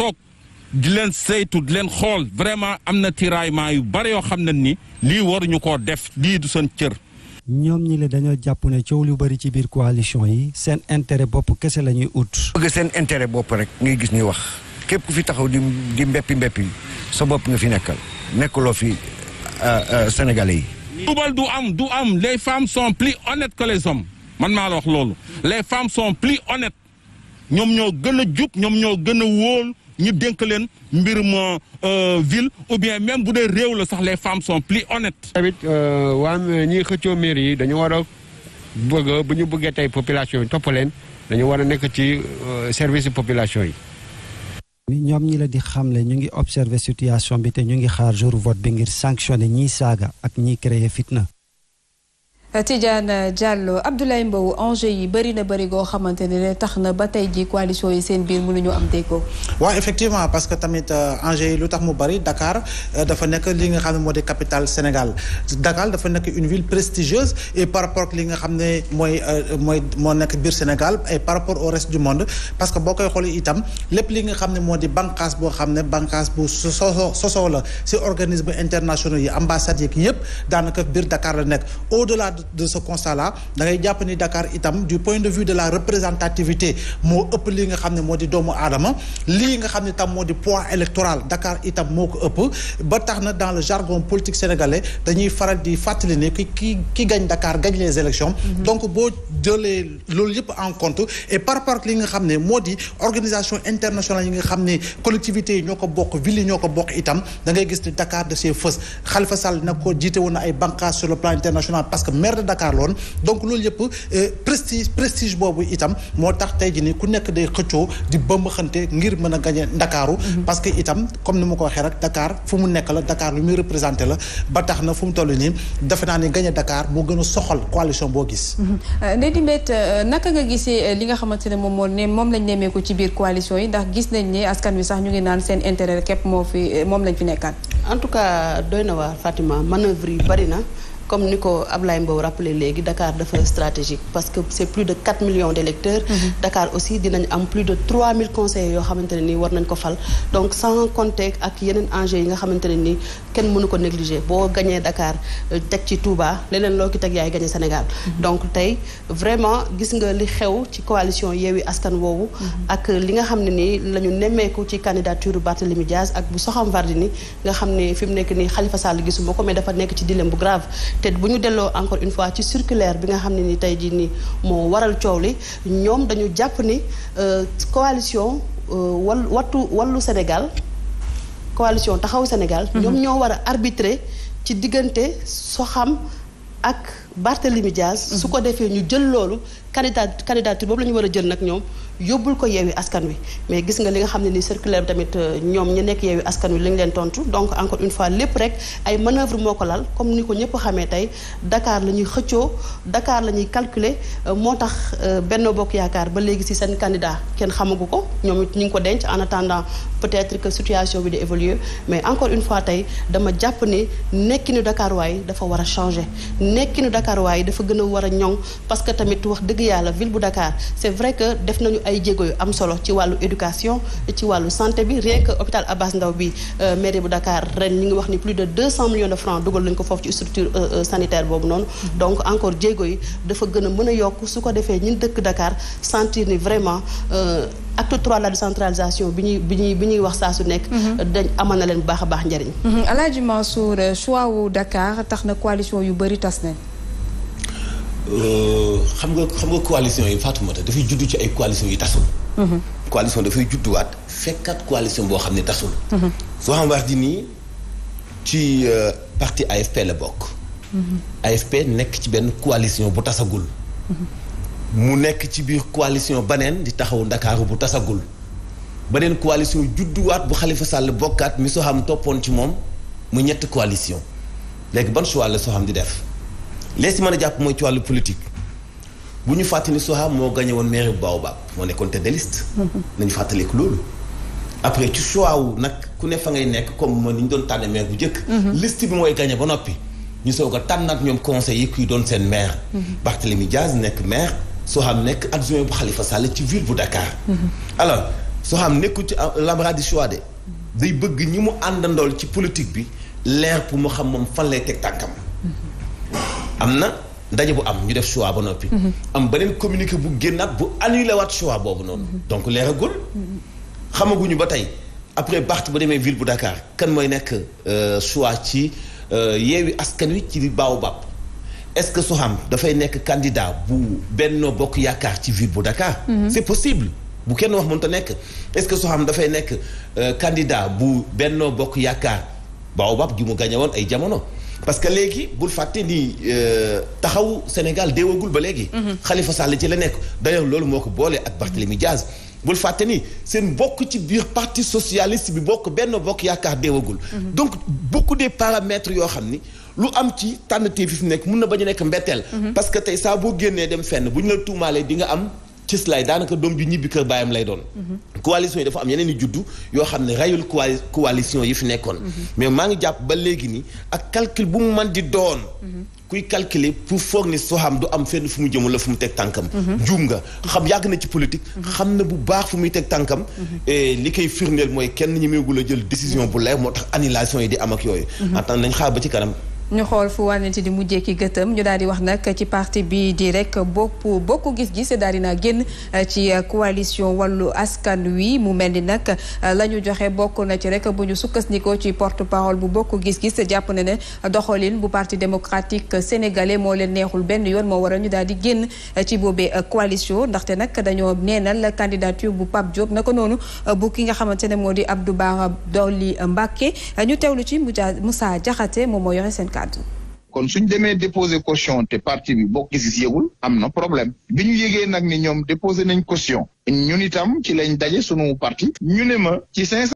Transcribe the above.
toog di leen saytu di leen xool vraiment am na tiraillement yu bari yoo xam na ni lii waruñu koo def lii du seen cër. ñoom ñi le dañoo jàpp ne coow lu bari ci biir coalition yi seen intérêt bopp kese la ñuy ut. seen intéret bopp rek ngay gis ñuy wax képp ku fi taxaw di di mbeppi mbeppi sa bopp nga fi nekkal nekkuloo fi euh, euh, sénégalais yi. tubal du am du am les femmes sont plus honnêtes que les hommes man maa la wax loolu les femmes sont plus honnêtes ñoom ñoo gën a jub ñoom ñoo gën ñu dénk leen mbir ma euh, ville ou bien même bu dee réew la sax les femmes sont plus honnêtes. tamit euh, waa euh, ñi xëccoo mairie yi dañu war a bëgg bu ñu bëggee tey population yi topp leen dañu war a nekk ci service population yi. ñoom ñi la di xamle ñu ngi observer situation bi te ñu ngi xaar jour vote bi ngir sanctionner ñiy saaga ak ñiy créer fitna. Tidiane Diallo Abdoulaye Mbow enjeu yi bëri na bëri goo xamante ne tax na ba tey ji coalition yi seen biir ñu am déggoo. waaw effectivement parce que tamit euh, enjeu yi lu tax mu bari dakaar euh, dafa nekk li nga xam ne moo di capital Sénégal Dakar dafa nekk une ville prestigieuse et par rapport ak li nga xam ne mooy euh, mooy moo nekk biir Sénégal ay par rapport au reste du monde parce que boo koy xoolee itam lép li nga xam ne moo di bànqaas boo xam ne bànqaas bu sosoo sosoo la si organisme yi ambassades yeeg yëpp daanaka biir Dakar la nekk de ce constat là da ngay jàpp ni Dakar itam du point de vue de la représentativité moo ëpp lii nga xam ne moo di doomu aadama lii nga xam ne tam moo di poids électoral Dakar itam moo ko ëpp ba tax na dans le jargon politique sénégalais dañuy faral di fàttali ne ki ki ki gañ Dakar gañ les élections mm-hmm. donc boo jëlee loolu yëpp en compte et par rapport li nga xam ne moo di organisation internationale yi nga xam ne collectivités yi ñoo ko bokk ville yi ñoo ko bokk da ngay gis ni Dakar de maire de Dakar loon donc loolu yëpp euh, prestige prestige boobu itam moo tax tey jii nii ku nekk day xëccoo di bëmbaxante ngir mën a gañe Ndakaaru mhm. parce que itam comme ni ma ko waxee rek Dakar fu mu nekk la Dakar lu muy représenté la ba tax na fu mu toll nii defe naa ni gañe Dakar moo gën a soxal coalition boo gis mhm. euh, euh, ne moom askan wi sax ñu ngi naan seen intérêt képp moo fi moom lañ fi nekkaat en doy na waar Fatima manœuvre yi bari na comme ni ko ab Ablaye Mbow rappelé léegi Dakar dafa stratégique parce que c' est plus de 4 millions d' électeurs. Mm-hmm. Dakar aussi dinañ am plus de 3000 conseillers yoo xamante ne nii war nañ ko fal donc sans compter ak yeneen enjeux yi nga xamante ne nii kenn mënu ko négliger boo gañee dakaar euh, teg ci Touba leneen loo ki teg yaay gañe Sénégal. Mm-hmm. donc tey vraiment gis nga li xew ci coalition Yewwi Askan woowu. Mm-hmm. ak li nga xam ne ni la ñu nemmeeku ci candidature Barthélémy Diaz ak bu Soham Wardini nga xam ne fi mu nekk nii Khalifa Sall gisuma ko mais dafa nekk ci dilemme bu grave. te bu ñu delloo encore une fois ci circulaire bi nga xam ne ni tey jii nii moo waral coow li ñoom dañu jàpp ni euh, coalition euh, wal wattu wallu Sénégal coalition taxaw Sénégal. Mhm. ñoom ñoo war a arbitrer ci diggante xam ak Barthélémy Dias. Mhm. su ko defee ñu jël loolu candidat candidature boobu la ñu war a jël nag ñoom yóbbul ko yeewi askan wi mais gis nga li nga xam ne ni circulaire tamit euh, ñoom ñu nekk yeewi askan wi li ñu leen tontu donc encore une fois lépp rek ay manœuvre moo ko lal comme ni ko ñëpp xamee tey dakaar la ñuy xëccoo Dakar la ñuy calculer euh, moo tax euh, benn Bokk Yaakaar ba léegi ci seen candidat kenn xamagu ko ñoom it ñu ngi ko denc en attendant peut-être que situation bi di évoluer mais encore une fois tey dama jàpp ni nekkinu Dakar waay dafa war a changer nekkinu Dakar waay dafa gën a war a ñoŋ dëgg yàlla ville bu Dakar c'est vrai que def nañu ay jéego yu am solo ci wàllu éducation ci wàllu santé bi rien que hôpital Abass Ndao bi euh, mairie bu Dakar ren ñu ngi wax ni plus de 200 millions de francs euh, euh, mm-hmm. donc encore jéego yi dafa gën a mën yokk su ko defee ñun dëkk Dakar sentir ni vraiment acte trois la décentralisation bi ñuy bi ñuy bi ñuy wax saa su nekk. Mm-hmm. dañ amal na leen bu baax a baax njëriñ. Mm-hmm. Alaaji wu Dakar tax na coalition yu bëri tas nañ. Euh, xam nga xam nga coalition yi Fatoumata dafay juddu ci ay coalition yi tasul. Mhm. coalition dafay judduwaat fekkaat coalition boo xam ne tasul. Mhm. soo xam wax di nii ci euh, parti AFP la bokk. Mhm. AFP nekk ci benn coalition bu tasagul. mu nekk ci biir coalition beneen di taxawu Ndakaaru bu tasagul. beneen coalition judduwaat bu Khalifa sàll bokkaat mi soo xam toppoon ci moom mu ñett coalition léegi ban choix la soo xam di def. lees si mën a jàpp mooy ci wàllu politique bu ñu fàttali ni Soham moo gagné woon mairie bu Baobab moo nekkoon tête de liste. Mm-hmm. nañu fàttaliku loolu. après ci wu nag ku ne fa ngay nekk comme ni ñu doon maire bu njëkk. Mm-hmm. liste bi mooy gagné ba noppi. ñu soog a tànnaat ñoom conseil yi kuy doon seen maire. Mm-hmm. Barthélemy Diaz nekk maire. Soham nekk adjoint bu Khalifa Sall ci ville bu Dakar. alors Soham nekkul ci l'embarras du choix de. day bëgg ñi mu àndandool ci politique bi leer pour mu xam moom fan lay teg am na ndaje bu am ñu def choix ba noppi. Mhm. am beneen communiqué bu génn génnaat bu annulé waat choix boobu noonu. Mhm. donc leeragul. Mhm. xamaguñu ba tey après Barth ba demee ville bu Dakar kan mooy nekk euh, choix ci euh, yeewi askan wi ci Baobab est-ce que Soham dafay nekk candidat bu Benno Bokk Yaakaar ci ville bu Dakar. bu kenn wax mënta nekk est-ce que Soham dafay nekk euh, candidat bu Benno Bokk Yaakaar Baobab gi mu gagné woon ay jamono. parce que léegi bul fàtte ni euh, taxawu Sénégal déewagul ba léegi. xalifa mhm. Sall ci la nekk d'ailleurs loolu moo ko boole ak Barthélemy Diaz. bul fàtte ni seen bokk ci biir parti socialiste bi bokk benn bokk yaakaar déewagul mhm. donc bokk dee paramètres yoo xam ni lu am ci tànn fi nekk mun na bañ a nekk mbetteel. Mhm. parce que tey saa boo génnee dem fenn bu ñu la tuumaalee di nga am. cëslaay daanaka doom ju ñibbi kër baayam lay doon mhm. coalition yi dafa am yeneen i juddu yoo xam ne rayul coalition yi fi nekkoon mhm. mais maa ngi jàpp ba léegi ni ak calcul bu mu mën di doon mhm. kuy calculer pour foog ni soxam du am fenn fu mu jëmul la fu mu teg tànkam juum nga xam yàgg na ci politique xam na bu baax fu muy teg tànkam li koy firndeel mooy kenn ñi meegul a jël décision bu leer moo tax annulation yi di am ak yooyu en nañ xaar ba ci kanam ñu xool fu wànnante di mujjee ki gëtëm ñu daal di wax nag ci parti bii di rek bokk bokk gis-gis daal di naa génn eh, ci eh, coalition wallu askan wi mu mel ni nag eh, lañu joxe bokk na ci rek bu ñu sukkandikoo ci porte parole bu bokk gis-gis jàpp ne ne doxalin bu parti démocratique sénégalais moo leen neexul benn yoon moo waral ñu daal di génn ci boobee coalition ndaxte nag dañoo neenal candidature bu Pape Diop naka noonu bu ki nga xamante ne moo di Abdou Bara Dolly Mbacké ñu teewlu ci Moussa Diakhaté moom moo yore seen kàddu. kon suñ demee déposé caution te parti bi bokk gis-gis am na problème bi ñu yëgee nag ni ñoom déposé nañ caution ñun itam ci lañ daje sunu parti ñu ne ma